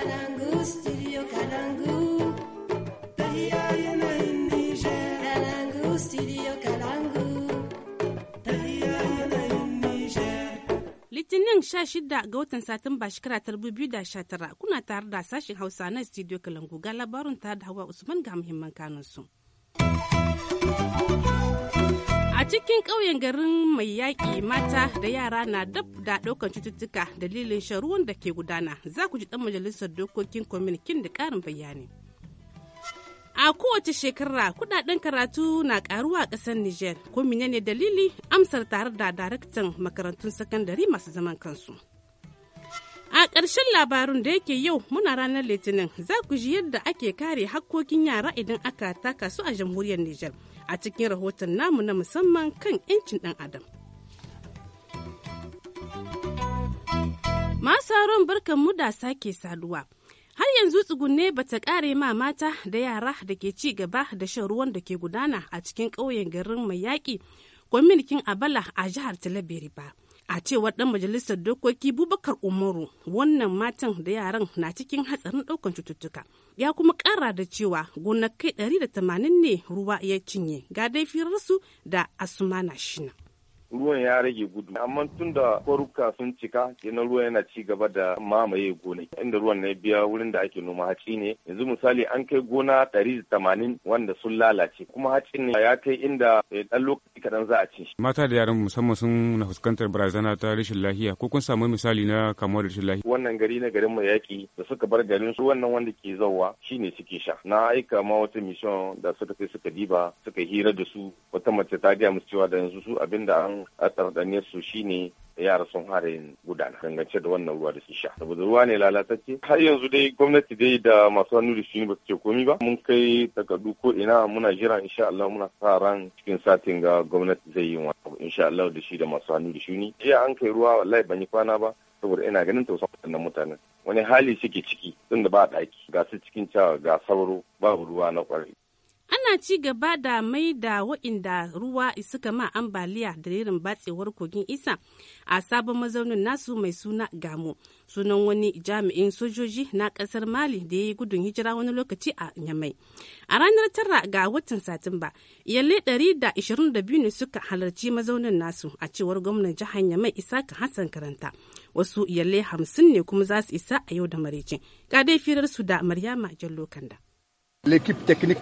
Litinin Litinin 16 ga watan Satumba shekara ta 2019 kuna tare da sashen Hausa na studio Kalangu ga labarin tare da Hawa Usman ga muhimman kanunsu. cikin ƙauyen garin mai yaƙi mata da yara na dab da ɗaukar cututtuka dalilin sharuwan da ke gudana za ku ji ɗan majalisar dokokin kwaminikin da ƙarin bayani. A kowace shekara kudaden karatu na karuwa a ƙasar Nijar, ko ne dalili amsar tare da daraktan makarantun sakandare masu zaman kansu. A ƙarshen labarun da yake yau muna ranar Litinin za ku ji yadda ake kare hakkokin yara idan aka taka su a jamhuriyar Nijar. a cikin rahoton namu na musamman kan 'yancin ɗan adam. Masaron barkan mu da sake saduwa. Har yanzu tsugunne ba ta ƙare ma mata da yara da ke ci gaba da shan ruwan da ke gudana a cikin ƙauyen garin mai yaƙi kwaminikin Abala a jihar Talabiri ba. a cewar ɗan majalisar dokoki bubakar umaru wannan matan da yaran na cikin hatsarin daukan cututtuka ya kuma ƙara da cewa gonakai 180 ne ruwa ya cinye ga dai firarsu da asumana shina ruwan ya rage gudu amma tun da kwaruka sun cika yana ruwan yana ci gaba da mamaye gona inda ruwan na biya wurin da ake noma haci ne yanzu misali an kai gona ɗari tamanin wanda sun lalace kuma hacin ne ya kai inda eh, ɗan lokaci kaɗan za a ci. mata da yaran musamman sun na fuskantar barazana ta rashin lahiya ko kun samu misali na kamuwa da rashin lahiya. wannan gari na garin mai yaƙi da suka bar garin su wannan wanda ke zauwa shine suke sha na aika ma wata mission da suka kai suka diba suka hira da su wata mace ta gaya musu cewa da yanzu su abinda an a tsardane su shine yara sun hare gudana dangance da wannan ruwa da su sha saboda ruwa ne lalatacce har yanzu dai gwamnati dai da masu hannu da shi ba su ce komi ba mun kai takardu ko ina muna jira insha Allah muna sa ran cikin satin ga gwamnati zai yi wa insha Allah da shi da masu hannu da shi jiya an kai ruwa wallahi ban yi kwana ba saboda ina ganin tausayin na mutanen wani hali suke ciki tunda ba daki ga su cikin cewa ga sauro babu ruwa na kwarai ana ci gaba da mai da wa'inda ruwa suka ma ambaliya da dalilin batsewar kogin isa a sabon mazaunin nasu mai suna gamo sunan wani jami'in sojoji na kasar mali da ya yi gudun hijira wani lokaci a yamai a ranar tara ga watan satumba iyalai 122 ne suka halarci mazaunin nasu a cewar gwamnan jihar yamai isa ka hassan karanta wasu iyalai 50 ne kuma za su isa a yau da maraicin ga dai firar su da maryama jallo kanda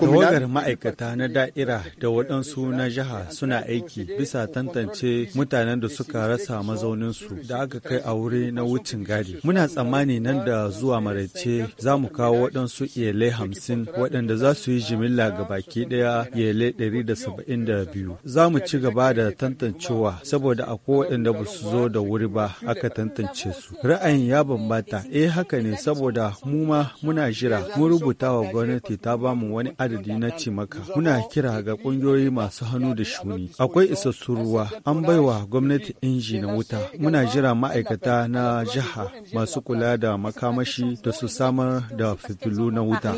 Tawagar ma'aikata na da'ira da waɗansu na jiha suna aiki bisa tantance mutanen da suka rasa mazauninsu da aka kai a wuri na wucin gadi. Muna tsammani nan da zuwa maraice za mu kawo waɗansu iyalai hamsin waɗanda za su yi jimilla ga baki ɗaya iyalai ɗari da saba'in da biyu. Za mu ci gaba da tantancewa saboda akwai waɗanda ba su zo da wuri ba aka tantance su. Ra'ayin ya bambata eh haka ne saboda mu ma muna jira mun rubuta wa gwamnati ta ba mu wani adadi na cimaka. Muna kira ga ƙungiyoyi masu hannu da shuni. Akwai isassun ruwa, an baiwa gwamnati inji na wuta. Muna jira ma'aikata na jiha masu kula da makamashi da su samar da fitilu na wuta.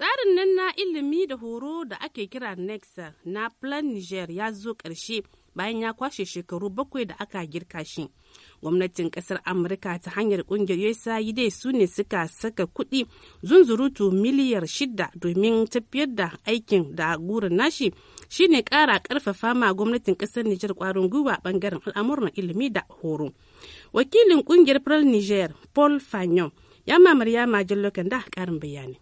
Tsarin nan na ilimi da horo da ake kira NEXA na Plan Niger ya zo ƙarshe. bayan ya kwashe shekaru bakwai da aka girka shi gwamnatin kasar amurka ta hanyar kungiyar dai e su ne suka saka kuɗi zunzurutu miliyar shida domin tafiyar da aikin da gurin nashi shine kara karfafa ma gwamnatin kasar nijar kwarin gwiwa bangaren al'amuran ilimi da horo wakilin kungiyar pearl niger paul fanyon ya mamar ya majin lokan da ƙarin bayani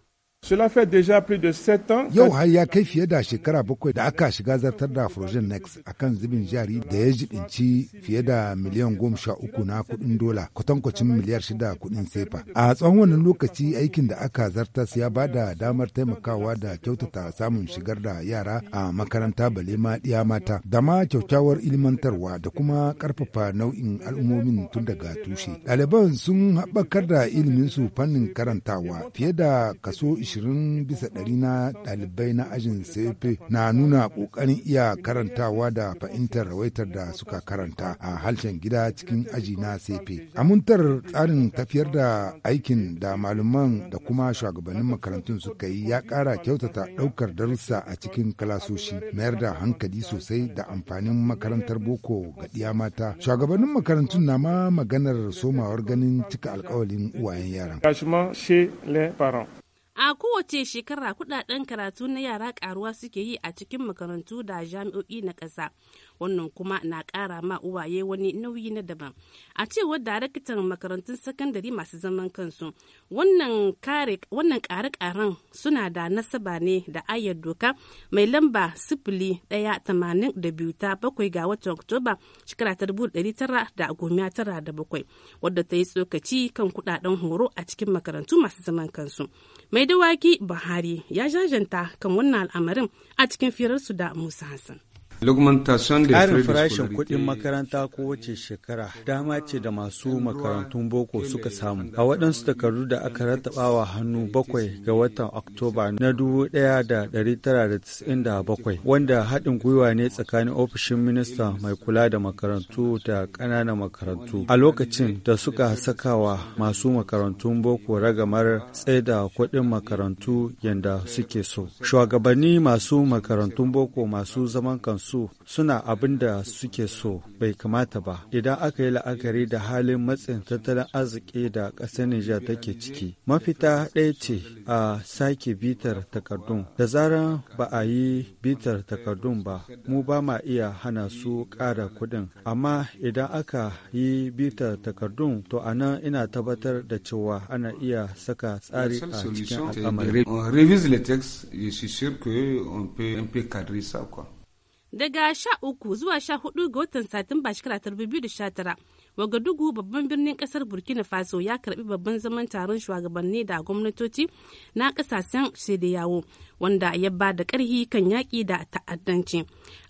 Yau har ya kai fiye da shekara bakwai da aka shiga zartar da Frozen Next a kan zubin jari da ya jiɗinci fiye da miliyan goma sha uku na kuɗin dola kwatankwacin miliyar shida kuɗin sefa. A tsawon wannan lokaci aikin da aka zartas ya ba da damar taimakawa da kyautata samun shigar da yara a makaranta bale ma ɗiya mata da ma kyaukyawar ilmantarwa da kuma ƙarfafa nau'in al'ummomin tun daga tushe. Ɗaliban sun haɓakar da iliminsu fannin karantawa fiye da kaso 20 bisa ɗari na ɗalibai na ajin sefe na nuna ƙoƙarin iya karantawa da fahimtar rawaitar da suka karanta a harshen gida cikin aji na sefe. Amintar tsarin tafiyar da aikin da malaman da kuma shugabannin makarantun suka yi ya ƙara kyautata ɗaukar darussa a cikin kalasoshi mayar da hankali sosai da amfanin makarantar boko ga ɗiya mata. Shugabannin makarantun na ma maganar somawar ganin cika alkawalin uwayen yaran. A kowace shekara kudaden karatu na yara karuwa suke yi a cikin makarantu da jami'o'i na ƙasa. wannan kuma na ƙara ma uwaye wani nauyi na daban a cewar daraktan makarantun sakandare masu zaman kansu wannan ƙare karen suna da nasaba ne da ayar doka mai lamba sifili daya tamanin da biyu ta bakwai ga watan oktoba shekara ta dubu dari tara da goma tara da bakwai wadda ta yi tsokaci kan kudaden horo a cikin makarantu masu zaman kansu mai dawaki buhari ya jajanta kan wannan al'amarin a cikin firarsu da musa hassan Ƙarin farashin kuɗin makaranta ko wace shekara dama ce da masu makarantun boko suka samu. A waɗansu takardu da aka rattabawa hannu bakwai ga watan Oktoba na bakwai. wanda haɗin gwiwa ne tsakanin ofishin minista mai kula da makarantu da ƙananan makarantu. A lokacin da suka sakawa masu makarantun boko ragamar tsaida kuɗin makarantu yadda suke so. Shugabanni masu makarantun boko masu zaman kansu su suna abin da suke so bai kamata ba idan aka yi la'akari da halin matsin tattalin arziki da ƙasar Nijar take ciki. Mafita ɗaya ce a sake bitar takardun. Da zarar ba a yi bitar takardun ba, mu ba ma iya hana su ƙara kuɗin. Amma idan aka yi bitar takardun, to a nan ina tabbatar da cewa ana iya saka tsari a cikin al'amari. daga sha uku zuwa sha hudu ga watan satumba shekara 2019 wagadugu babban birnin kasar burkina faso ya karbi babban zaman taron shugabanni da gwamnatoci na kasashen yawo wanda ya ba da ƙarhi kan yaƙi da ta'addanci.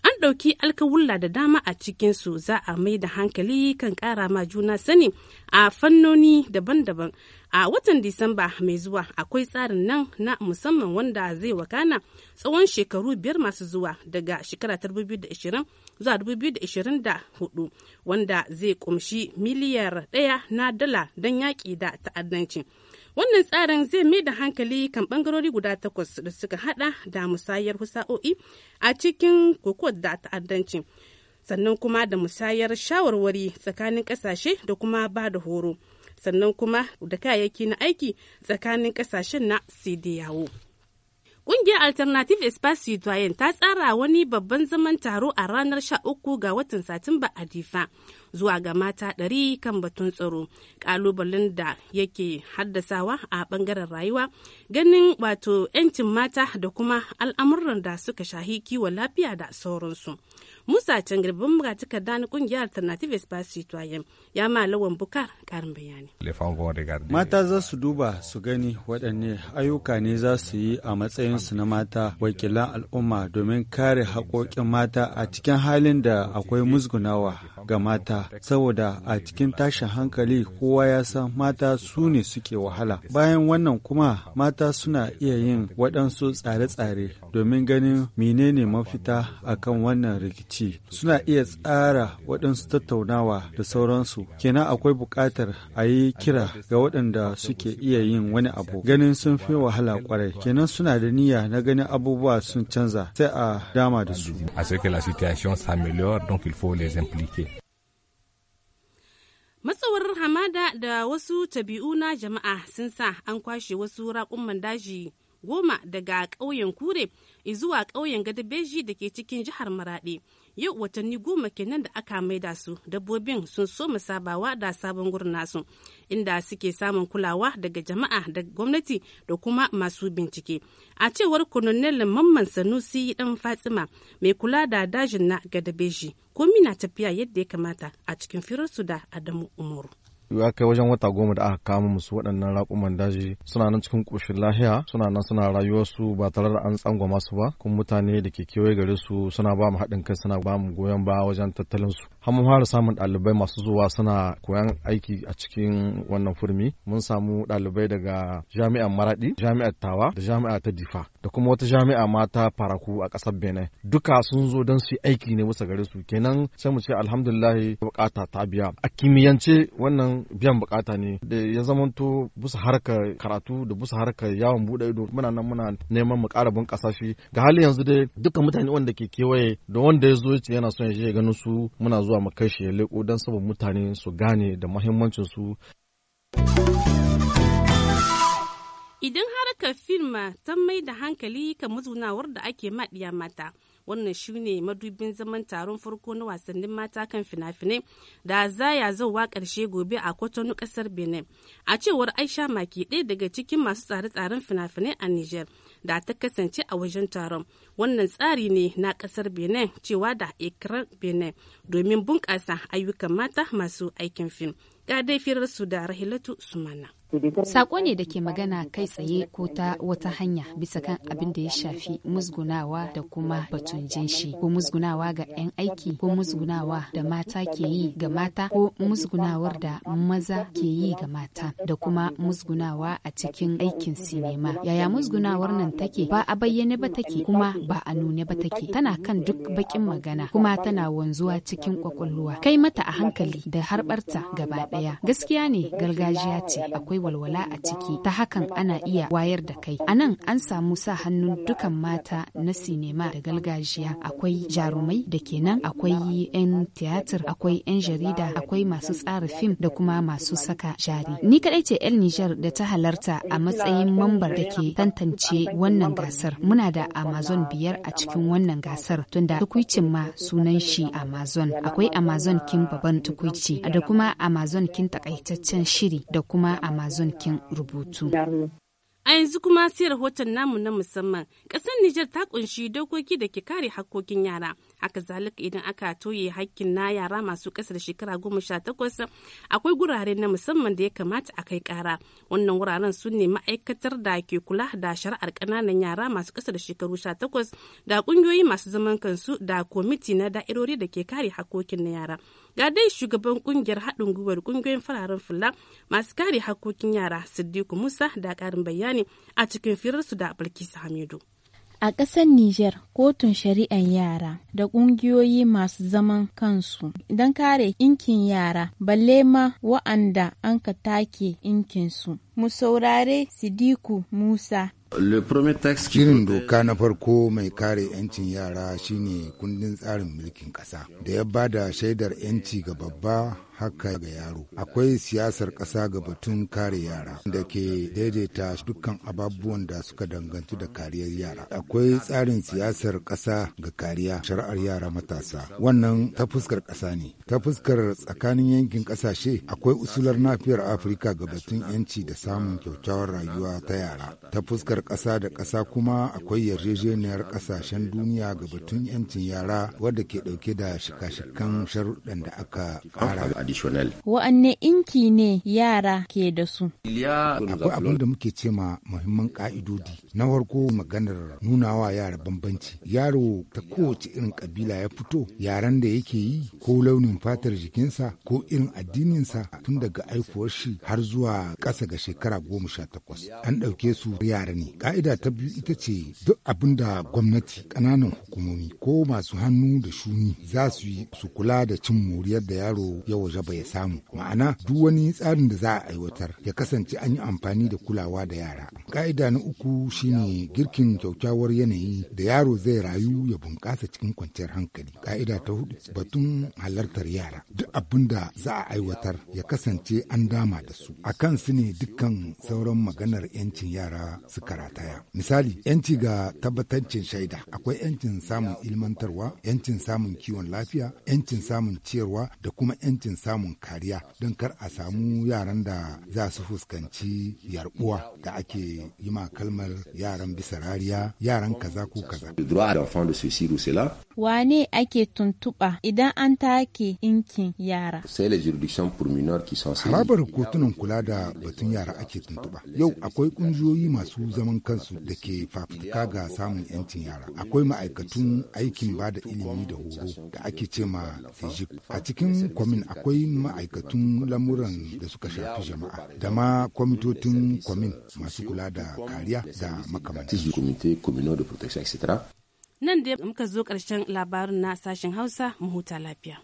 An ɗauki alkawulla da dama a cikinsu za a mai da hankali kan ƙara ma juna sani a fannoni daban-daban. A watan Disamba mai zuwa akwai tsarin nan na musamman wanda zai wakana tsawon shekaru biyar masu zuwa daga shekara 2020 zuwa 2024 wanda zai kumshi miliyar ɗaya na dala don yaƙi da ta'addanci. wannan tsarin zai mai da hankali kan bangarori guda takwas da suka hada da musayar husa'o'i a cikin kokowar da ta'addanci sannan kuma da musayar shawarwari tsakanin kasashe da kuma ba da horo sannan kuma da kayayyaki na aiki tsakanin kasashen na yawo. Ƙungiyar Alternative Espace Citoyen ta tsara wani babban zaman taro a ranar 13 ga watan Satumba a Difa zuwa ga mata 100 kan batun tsaro. Ƙalubalen da yake haddasawa a bangaren rayuwa ganin wato 'yancin mata da kuma al'amuran da suka shahi kiwon lafiya da sauransu. Musa can girbin magatakarda na kungiyar Alternative Espace Citoyen ya malawan buka karin bayani. Mata za su duba su gani waɗanne ayyuka ne za su yi a matsayinsu na mata wakilan al'umma domin kare haƙoƙin mata a cikin halin da akwai musgunawa ga mata saboda a cikin tashin hankali kowa ya san mata su ne suke wahala. Bayan wannan kuma mata suna iya yin waɗansu tsare-tsare domin ganin menene mafita akan wannan rikici. ce suna iya tsara waɗansu tattaunawa da sauransu kenan akwai buƙatar a yi kira ga waɗanda suke iya yin wani abu ganin sun fi wahala kwarai kenan suna da niyya na ganin abubuwa sun canza sai a dama da su matsawar hamada da wasu tabi'u na jama'a sun sa an kwashe wasu raƙuman daji goma daga ƙauyen kure zuwa ƙauyen gadabeji da ke cikin jihar maraɗi yau watanni goma kenan da aka maida su dabbobin sun soma sabawa da sabon gurin nasu inda suke samun kulawa daga jama'a da gwamnati da kuma masu bincike a cewar kononel mamman sanusi dan fatsima mai kula da dajin na gadabeji komi na tafiya yadda ya kamata a cikin firarsu da adamu umaru ya kai wajen wata goma da aka kama musu waɗannan raƙuman daji suna nan cikin ƙoshin lahiya suna nan suna rayuwarsu ba tare da an tsangwama masu ba kuma mutane da ke kewaye gare su suna ba mu haɗin kai suna ba mu goyon ba wajen tattalin su har fara samun ɗalibai masu zuwa suna koyan aiki a cikin wannan furmi mun samu ɗalibai daga jami'ar maraɗi jami'ar tawa da jami'a ta difa da kuma wata jami'a mata faraku a ƙasar benin duka sun zo don su aiki ne bisa gare su kenan sai mu ce alhamdulillahi bukata ta biya a kimiyyance wannan biyan bukata ne da ya zamanto bisa harkar karatu da bisa harkar yawon buɗe ido muna nan muna neman mu ƙara bin shi ga hali yanzu dai duka mutane wanda ke kewaye da wanda ya zo yana son ya je ganin su muna zuwa mu kai shi ya leko don saboda mutane su gane da muhimmancin su. Idan harkar firma ta mai da hankali ka mazunawar da ake maɗiya mata, wannan shi ne madubin zaman taron farko na wasannin mata kan fina-finai da zaya zauwa ƙarshe gobe a kwatano ƙasar Benin. A cewar Aisha Maki ɗaya daga cikin masu tsare-tsaren fina-finai a Nijar. da ta kasance a wajen taron wannan tsari ne na kasar benin cewa da ikirar benin domin bunƙasa ayyukan mata masu aikin fim ƙadai dai su da rahilatu sumana Sako ne da ke magana kai tsaye ko ta wata hanya bisa kan abin da ya shafi musgunawa da kuma batun jinshi ko musgunawa ga 'yan aiki ko musgunawa da mata ke yi ga mata ko musgunawar da maza ke yi ga mata da kuma musgunawa a cikin aikin sinema. Yaya musgunawar nan take ba a bayyane ba take kuma ba a nune ba take tana kan duk bakin magana kuma tana wanzuwa cikin kwakwalwa kai mata a hankali da harbarta gaba ɗaya. gaskiya ne gargajiya ce akwai walwala a ciki ta hakan ana iya wayar da kai a nan an samu sa hannun dukan mata na sinema da gargajiya akwai jarumai da kenan akwai 'yan tiyatir akwai 'yan jarida akwai masu tsara fim da kuma masu saka jari ni kadai ce 'yan nijar da ta halarta a matsayin mambar da ke tantance wannan gasar muna da amazon biyar a cikin wannan gasar tunda tukwicin ma sunan shi amazon akwai amazon kin babban tukwici da kuma amazon kin takaitaccen shiri da kuma amazon zunkin rubutu. A yanzu kuma sai rahoton namu na musamman, ƙasar Nijar ta ƙunshi dokoki da ke kare hakkokin yara haka zalika idan aka toye hakkin na yara masu ƙasa da shekara goma sha takwas akwai gurare na musamman da ya kamata a kai ƙara wannan wuraren sun ne ma'aikatar da ke kula da shari'ar ƙananan yara masu ƙasa da shekaru sha takwas da ƙungiyoyi masu zaman kansu da kwamiti na da'irori da ke kare hakokin na yara ga dai shugaban kungiyar haɗin gwiwar ƙungiyoyin fararen fulla masu kare hakokin yara siddiku musa da ƙarin bayani a cikin firarsu da bilkisu hamidu A ƙasar Nijar, kotun shari'an yara da ƙungiyoyi masu zaman kansu don kare inkin yara, balle ma wa'anda an ka take inkinsu. Mu saurare Sidiku Musa Shirin doka na farko mai kare 'yancin yara shine kundin tsarin mulkin ƙasa da ya bada shaidar 'yanci ga babba haka ga yaro akwai siyasar ƙasa ga batun kare yara da ke daidaita dukkan ababuwan da suka danganci da kariyar yara akwai tsarin siyasar ƙasa ga kariya shari'ar yara matasa wannan ta fuskar ƙasa ne ta fuskar tsakanin yankin ƙasashe akwai usular nafiyar afirka ga batun yanci da samun kyautawar rayuwa ta yara ta fuskar ƙasa da ƙasa kuma akwai yarjejeniyar ƙasashen duniya ga batun yancin yara wadda ke ɗauke da shika-shikan sharuɗan da aka ƙara traditionnel. Wa'anne inki ne yara ke da su? Akwai abin da muke ce ma muhimman ka'idodi. Na farko maganar nunawa yara bambanci. Yaro ta kowace irin kabila ya fito, yaran da yake yi ko launin fatar jikinsa ko irin addininsa tun daga aikuwar shi har zuwa ƙasa ga shekara goma sha takwas. An ɗauke su yara ne. Ka'ida ta biyu ita ce duk abin da gwamnati ƙananan hukumomi ko masu hannu da shuni za su yi su kula da cin moriyar da yaro ya waje gaba ya samu ma'ana duk wani tsarin da za a aiwatar ya kasance an yi amfani da kulawa da yara ka'ida na uku shine girkin kyaukyawar yanayi da yaro zai rayu ya bunƙasa cikin kwanciyar hankali ka'ida ta hudu batun halartar yara duk abin da za a aiwatar ya kasance an dama da su a kan su ne dukkan sauran maganar yancin yara su karataya misali yanci ga tabbatancin shaida akwai yancin samun ilmantarwa yancin samun kiwon lafiya yancin samun ciyarwa da kuma yancin samun samun kariya don kar a samu yaran da za su fuskanci yarbuwa da ake yi ma kalmar yaran bisa rariya yaran kaza ko kaza. Wane ake tuntuɓa idan an take inkin yara? Harabar kotunan kula da batun yara ake tuntuɓa. Yau akwai ƙungiyoyi masu zaman kansu da ke fafutuka ga samun 'yancin yara. Akwai ma'aikatun aikin ba da ilimi da horo da ake ce ma A cikin kwamin akwai akwai ma'aikatun lamuran da suka shafi jama'a da ma kwamitotin kwamin masu kula da kariya da makamanci. Nan da muka zo karshen labarin na sashen Hausa mu huta lafiya.